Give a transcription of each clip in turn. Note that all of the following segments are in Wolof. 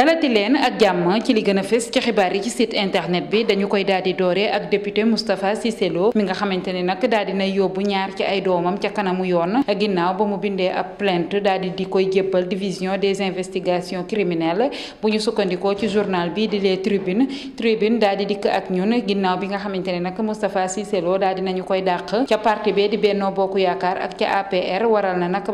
dalati leen ak jàmm ci li gën a fës ci xibaar yi ci site internet bi dañu koy daal di doore ak député Moustapha Cissé Lo mi nga xamante ne nag daal di na yóbbu ñaar ci ay doomam ca kanamu yoon ginnaaw ba mu bindee ab plainte daal di di koy jébbal division des investigations criminelles bu ñu sukkandikoo ci journal bi di les tribune tribune daal di dikk ak ñun ginnaaw bi nga xamante ne nag Moustapha Cissé Lo daal di nañu koy dàq ca parti bi di Bennoo Bokk Yaakaar ak ca APR waral na nag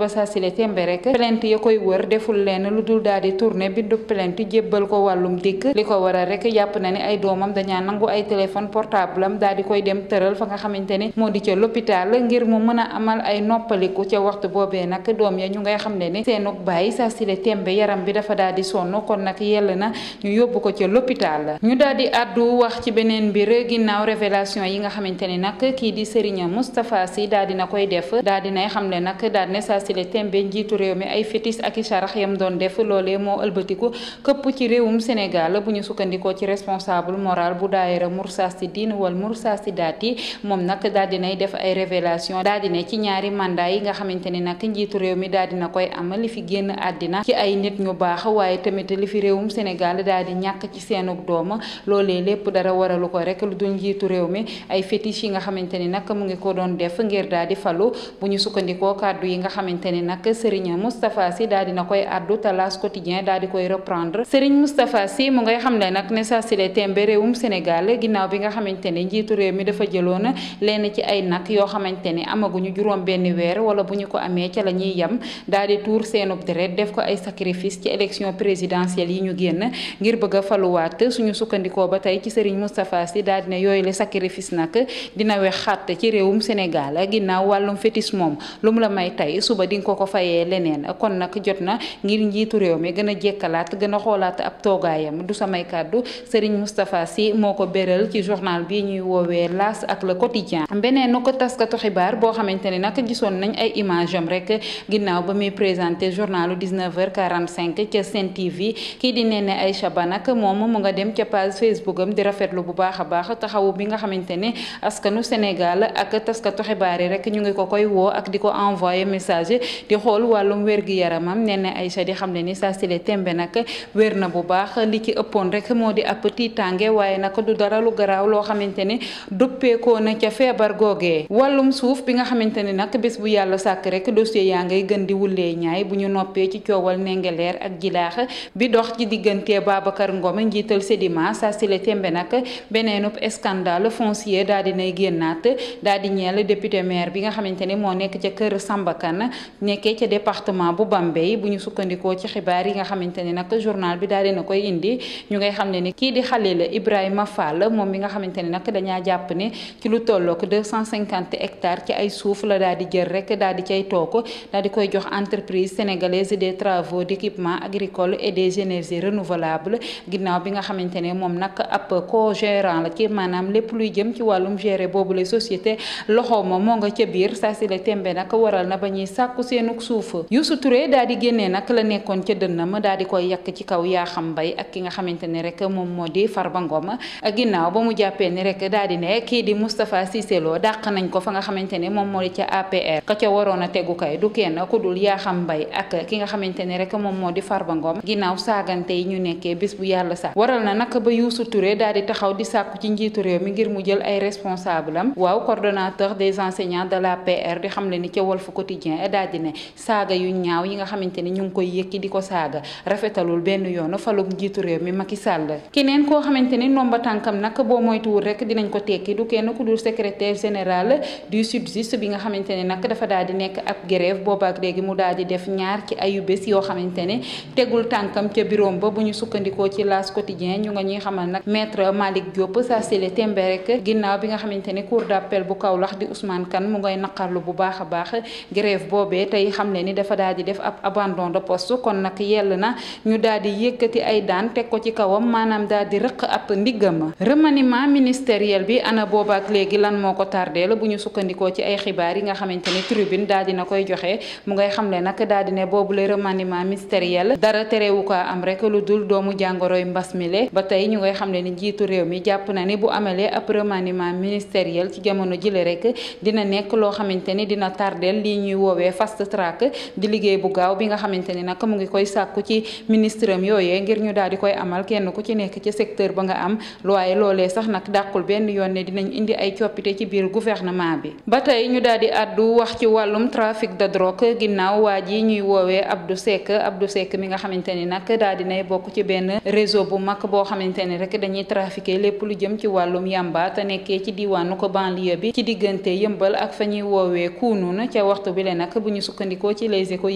plainte jébbal ko wàllum dikk li ko waral rek jàpp na ne ay doomam dañaa nangu ay téléphone portable am daal di koy dem tëral fa nga xamante ne moo di ca l'hôpital ngir mu mën a amal ay noppaliku ca waxtu boobee nag doom ya ñu ngay xam ne ni seenug bàyyi saa sile tembe yaram bi dafa daal di sonn kon nag yell na ñu yóbbu ko ca l'hôpital ñu daal di addu wax ci beneen mbir ginnaaw révélation yi nga xamante ne nag kii di Serigne Moustapha si daal dina koy def daal dinay xam ne nag daal ne saa sile njiitu réew mi ay fétis ak sarax yam doon def loolee moo ëlbatiku këpp ci réewum Sénégal bu ñu sukkandikoo ci responsable moral bu daayira Moustarchidine wal Moustarchidaty yi moom nag daal dinay def ay révélation daal dina ci ñaari mandat yi nga xamante ni nag njiitu réew mi daal dina koy am fi génn àddina ci ay nit ñu baax waaye tamit li fi réewum Sénégal daal di ñàkk ci seenug dooma loolee lépp dara waralu ko rek lu dul njiitu réew mi ay fétiche yi nga xamante ni nag mu ngi ko doon def ngir daal di falu bu sukkandikoo kàddu yi nga xamante ni nag Serigne Moustapha Sy daal dina koy addu Talas Quotidien daal koy reprendre défendre Serigne Moustapha Sy mu ngay xam ne nag ne saa si le tembe réewum Sénégal ginnaaw bi nga xamante ne njiitu réew mi dafa jëloon lenn ci ay nag yoo xamante ne amaguñu juróom benn weer wala bu ñu ko amee ca la ñuy yem daal di tuur seenub deret def ko ay sacrifice ci élection présidentielle yi ñu génn ngir bëgg a faluwaat suñu sukkandikoo ba tey ci Serigne Moustapha Sy daal di ne yooyu le sacrifice nag dina wex xàtt ci réewum Sénégal ginnaaw wàllum fétis moom lu la may tey suba di nga ko ko fayee leneen kon nag jot na ngir njiitu réew mi gën jekkalaat gën xoolaat ab toogaayam du samay kàddu Serigne mustafa si moo ko béral ci journal bi ñuy woowee L'As ak Le Quotidien beneen nu ko taskatu xibaar boo xamante ni nag gisoon nañ ay image rek ginnaaw ba muy présenté journalu 19h45 ca Sen kii di Néné Aïcha Ba nag moom mu nga dem ca page Facebook am di rafetlu bu baax a baax taxawu bi nga xamante ne askanu Sénégal ak taskatu xibaar yi rek ñu ngi ko koy woo ak di ko envoyé message di xool wàllum wér-gi-yaramam Néné Aïcha di xam ne ni saa si tembe nag wér na bu baax li ci ëppoon rek moo di ab tiitaange waaye nag du dara lu garaaw loo xamante ne doppeekoo na ca feebar googe wàllum suuf bi nga xamante ne nag bés bu yàlla sàkk rek dossier yaa ngay gën di wullee ñaay bu ñu noppee ci coowal nengeleer ak jilaax bi dox ci diggante Babacar Ngom njiital Sedima saa sile tembe nag beneenub scandale foncier daal dinay génnaat dal di ñeel député maire bi nga xamante ne moo nekk ca kër Samba Kane nekkee ca département journal bi daal dina koy indi ñu ngay xam ne ni kii di Khalil Ibrahima Fall moom mi nga xamante ne nag dañaa jàpp ne ci lu tollook 250 hectares ci ay suuf la daal di jël rek daal di cay toog daal di koy jox entreprise sénégalaise des travaux d'équipement agricole et des énergies renouvelables ginnaaw bi nga xamante ne moom nag ab co-gérant la ci maanaam lépp luy jëm ci wàllum gérer boobu la société loxoom moo nga ca biir saa si nak tembe waral na ba ñuy sàkku seenug suuf kaw Yakham Mbaye ak ki nga xamante ne rek moom moo di Farba Ngom ginnaaw ba mu jàppee ni rek daal di ne kii di Moustapha Cissé Lo dàq nañ ko fa nga xamante ne moom moo di ca APR ka a tegu kay du kenn ku dul Yakham Mbaye ak ki nga xamante ne rek moom moo di Farba Ngom ginnaaw saagante yi ñu nekkee bis bu yàlla sax waral na nag ba Youssou Touré daal di taxaw di sàkku ci njiitu réew mi ngir mu jël ay responsable am waaw coordonnateur des enseignants de l'APR di xam le ni ca Walf Quotidien daal di ne saaga yu ñaaw yi nga xamante ñu ngi benn yoon falub njiitu réew mi keneen koo xamante ni nomba tànkam nag boo moytuwul rek dinañ ko tekki du kenn ku dul secrétaire général du SYTJUST bi nga xamante ne nag dafa daal di nekk ab grève boobaak léegi mu daal di def ñaar ci ayu bés yoo xamante ne tegul tànkam ca biroom ba bu ñu sukkandikoo ci L'As Quotidien ñu nga ñuy xamal nag maître Malick Diop saa sile tembe rek ginnaaw bi nga xamante ne cour d'appel bu Kaolack di Ousmane Kane mu ngay naqarlu bu baax a baax grève boobee tey xam ne ni dafa daal di def ab abandon de poste kon nag yell na ñu daal di yëkkati ay daan teg ko ci kawam maanaam daal di rëq ab ndiggam remaniement ministériel bi ana boobaak léegi lan moo ko tardé la bu ñu sukkandikoo ci ay xibaar yi nga xamante ne tribune daal dina koy joxe mu ngay xam le nag daal di ne boobu le remaniement ministériel dara terewu ko am rek lu dul doomu jàngoroy mbas mile ba tey ñu ngay xam ne ni njiitu réew mi jàpp na ni bu amalee ab remaniement ministériel ci jamono jile rek dina nekk loo xamante ni dina tardeel lii ñuy woowee fast track di liggéey bu ni dërëm yooyee ngir ñu daal di koy amal kenn ku ci nekk ci secteur ba nga am waaye loolee sax nag dàqul benn yoon ne dinañ indi ay coppite ci biir gouvernement bi ba tey ñu daal di àddu wax ci wàllum trafic de drogue ginnaaw waa ji ñuy woowee Abdou ab Abdou Seck mi nga xamante ni nag daal dinay bokk ci benn réseau bu mag boo xamante ni rek dañuy trafiqué lépp lu jëm ci wàllum yamba te nekkee ci diwaanu ko banlieue bi ci diggante yëmbal ak fa ñuy woowee kuunuun ca waxtu bi le nag bu ñu sukkandikoo ci les échos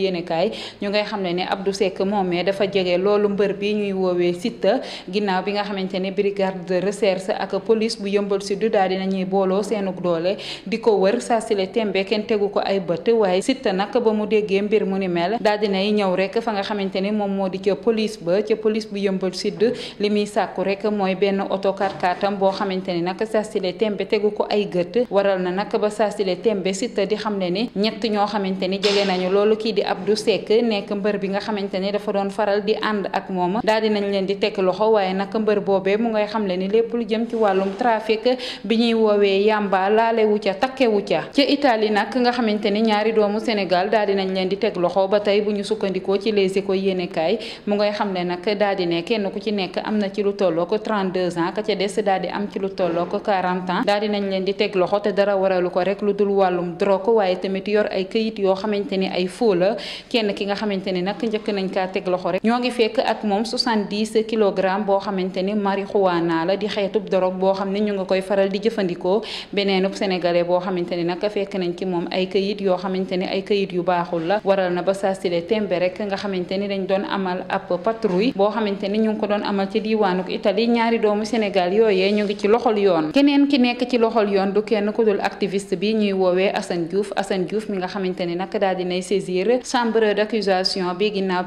loolu mbër bi ñuy woowee Siteu ginnaaw bi nga xamante ne brigade de recherche ak police bu yëmbal sud daal dina ñuy booloo seenu doole di ko wër saa si tembe kenn tegu ko ay bët waaye Siteu nag ba mu déggee mbir mu ni mel daal dinay ñëw rek fa xamante ne moom moo di ca police ba ca police bu yëmbal sud li muy sàkku rek mooy benn oto karkaatam boo xamante ni nag saa si tegu ko ay gët waral na nag ba saa tembe Siteu di xam ne ni ñett ñoo xamante ni jege nañu loolu kii di Abdou Seck nekk mbër bi nga xamante ni dafa doon faral di ànd ànd ak moom daal di nañ leen di teg loxo waaye nag mbër boobee mu ngay xamle ni lépp lu jëm ci wàllum trafic bi ñuy woowee yàmba laalewu ca takkewu ca ca Italie nag nga xamante ni ñaari doomu Sénégal daal di leen di teg loxo ba tey bu ñu sukkandikoo ci Les Échos yéenekaay mu ngay xamle nag daal di ne kenn ku ci nekk am na ci lu tolloo ko 32 ans ka ca des daal di am ci lu tolloo ko 40 ans daal di nañ leen di teg loxo te dara waralu ko rek lu dul wàllum drogue waaye tamit yor ay këyit yoo xamante ni ay faux la kenn ki nga xamante ni nag njëkk nañ kaa teg loxo fekk ak moom 70 kilogramme boo xamante ni marijuana la di xeetub dorog boo xam ne ñu nga koy faral di jëfandikoo beneenub sénégalais boo xamante ni nag fekk nañ ci moom ay këyit yoo xamante ni ay këyit yu baaxul la waral na ba saa sile tembe rek nga xamante ni dañ doon amal ab patrouille boo xamante ni ñu ngi ko doon amal ci diiwaanuk Italie ñaari doomu Sénégal yooyee ñu ngi ci loxol yoon keneen ki nekk ci loxol yoon du kenn ku dul activiste bi ñuy woowee Assane Diouf Assane Diouf mi nga xamante ni nag daal dinay saisir chambre d'accusation bi ginnaaw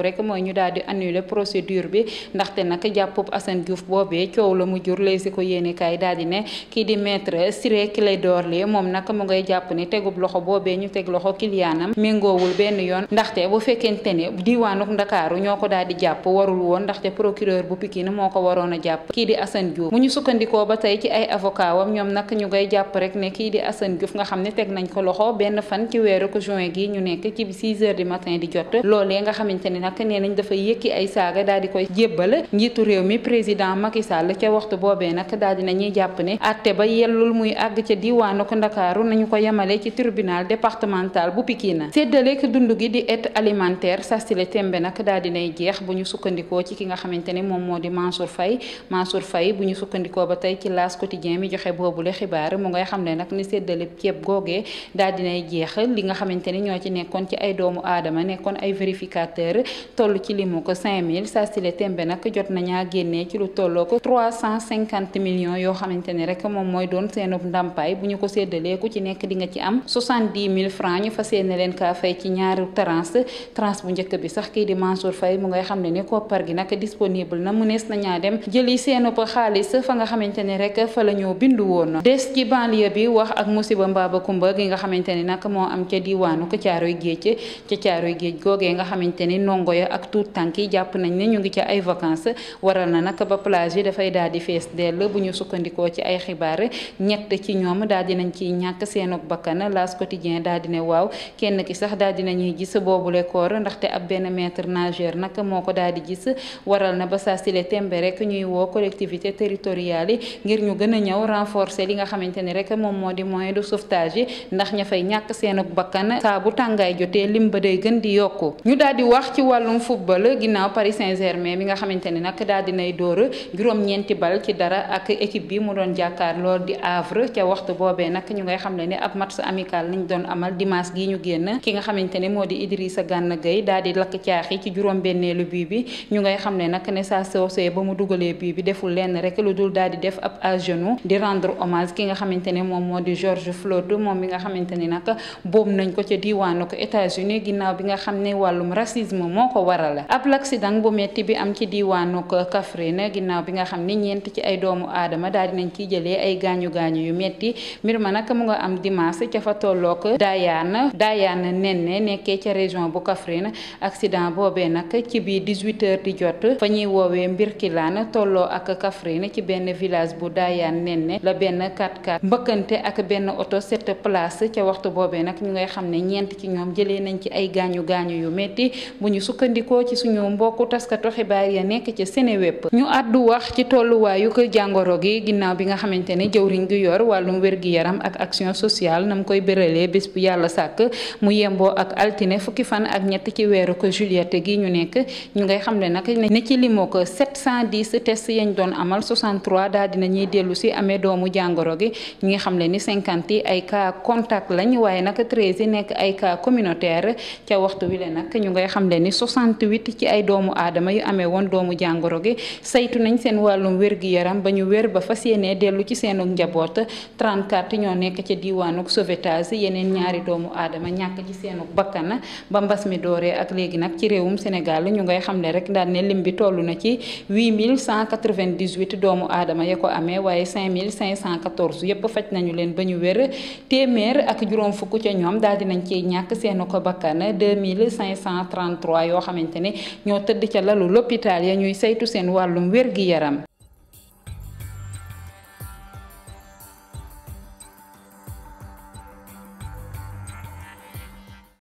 sàkku rek mooy ñu daal di annuler procédure bi ndaxte nag jàppub Assane Diouf boobee coow la mu jur si ko yéene kaay daal di ne kii di maître Ciré Clédor Ly moom nag mu ngay jàpp ni tegub loxo boobee ñu teg loxo kiliyaanam méngoowul benn yoon ndaxte bu fekkente ne diwaanuk Ndakaaru ñoo ko daal di jàpp warul woon ndaxte procureur bu Pikine moo ko waroon a jàpp kii di Assane ñu sukkandikoo ba tey ci ay avocat wam ñoom nag ñu ngay jàpp rek ne kii di Assane Diouf nga xam ne teg nañ ko loxo benn fan ci weeru juin gi ñu nekk ci 6 heures du matin di jot loolee nga xamante ne nag nee nañ dafa yëkki ay saaga daal di koy jébbal njiitu réew mi président Macky Sall ca waxtu boobee nag daal di nañuy jàpp ne atte ba yellul muy àgg ca diwaanu ko Ndakaaru nañu ko yemale ci tribunal départemental bu Pikine séddaleek dund gi di aide alimentaire sastile tembe nag daal di nay jeex bu ñu sukkandikoo ci ki nga xamante ne moom moo di Mansour Faye Mansour Faye bu ñu sukkandikoo ba tey ci L'As quotidien mi joxe boobu boobule xibaar mu ngay xam ne nag ni séddale ceeb googee daal dinay jeex li nga xamante ne ñoo ci nekkoon ci ay doomu aadama nekkoon ay vérificateur toll ci limu ko 5000 saa sile tembe nag jot nañaa génnee ci lu tolloo cent 350 million yoo xamante ne rek moom mooy doon seenub ndàmpaay bu ñu ko séddalee ku ci nekk di nga ci am 70 000 francs ñu fas yéene leen kaa fay ci ñaari tranche tranche bu njëkk bi sax kii di Mansour Faye mu ngay xam ne ni par gi nag disponible na mënees ñaa dem jëli seenub xaalis fa nga xamante ne rek fa la ñoo bindu woon des ci banlieue bi wax ak musiba mbaaba kumba gi nga xamante ne nag moo am ca diwaanu ko caaroy géej ca caaroy géej googee nga xamante ni dongo ya ak tuut tànk yi jàpp nañ ne ñu ngi ci ay vacances waral na nag ba plage yi dafay daal di fees dell bu ñu sukkandikoo ci ay xibaar ñett ci ñoom daal dinañ ci ñàkk seenug bakkan L'As Quotidien daal dina waaw kenn ki sax daal dinañuy gis boobule koor ndaxte ab benn maître nageur nag moo ko daal di gis waral na ba saa sile tembe rek ñuy woo collectivité territoriale yi ngir ñu gën a ñëw renforcer li nga xamante ni rek moom moo di moyen de sauvetage ndax ña fay ñàkk seenug bakkan saa bu tàngaay jotee lim ba day gën di yokku ñu daal di wax ci wàllu wàllum football ginnaaw Paris Saint-Germain mi nga xamante ne nag daal dinay dóor juróom-ñeenti bal ci dara ak équipe bi mu doon jàkkaarloo di Havre ca waxtu boobee nag ñu ngay xam ne ne ab match amical lañ doon amal dimanche gi ñu génn ki nga xamante ne moo di Idrissa Gana Gueye daal di lakk caaxi ci juróom-benneelu bii bi ñu ngay xam ne nag ne saa soosee ba mu dugalee bii bi deful lenn rek lu dul daal di def ab à di rendre hommage ki nga xamante ne moom moo di George Floyd moom mi nga xamante ne nag boobu nañ ko ca diwaanu ko États-Unis ginnaaw bi nga xam ne wàllum racisme moo ko waral ab l'accident bu metti bi am ci diiwaanu Kaffrine ginnaaw bi nga xam ni ñeent ci ay doomu aadama daal nañ ciy jëlee ay gaañu gaañu yu metti mbir ma nag mu nga am dimanche ca fa tolloog Dayane Dayane Nenne nekkee ca région bu Kaffrine accident boobee nag ci biir 18 heures di jot fa ñuy woowee Mbirkilaan tolloo ak Kaffrine ci benn village bu Dayane Nenne la benn 4x4 ak benn oto sept places ca waxtu boobee nag ñu ngay xam ne ñeent ci ñoom jëlee nañ ci ay gaañu gaañu yu metti bu ñu sukk sukkandikoo ci suñu mbokku taskatu xibaar ya nekk ca Seneweb ñu àddu wax ci tolluwaayu ko jàngoro gi ginnaaw bi nga xamante ne jëwriñ gi yor wàllum wér-gi-yaram ak action sociale nam koy béralee bés bu yàlla sàkk mu yemboo ak altine fukki fan ak ñett ci weeru ko juillet gi ñu nekk ñu ngay xam ne nag ne ci limoo ko 710 test yañ doon amal 63 daal dina ñuy dellu si amee doomu jàngoro gi ñu ngi xam ni 50 yi ay cas contact lañ waaye nag 13 yi nekk ay cas communautaire ca waxtu 68 ci ay doomu aadama yu amee woon doomu jàngoro gi saytu nañ seen wàllum wér-gi-yaram ba ñu wér ba fas yéenee dellu ci seenu njaboot 34 ñoo nekk ca diwaanuk sauvetage yeneen ñaari doomu aadama ñàkk ci seenu bakkan ba mbas mi dooree ak léegi nag ci réewum Sénégal ñu ngay xam ne rek daal ne lim bi toll na ci 8198 doomu aadama ya ko amee waaye 5514 yépp faj nañu leen ba ñu wér téeméer ak juróom fukk ca ñoom daal dinañ ci ñàkk seenu ko bakkan 2533 yoo xamante ne ñoo tëdd ca lalu l'hôpital ya ñuy saytu seen wàllum wér-gi-yaram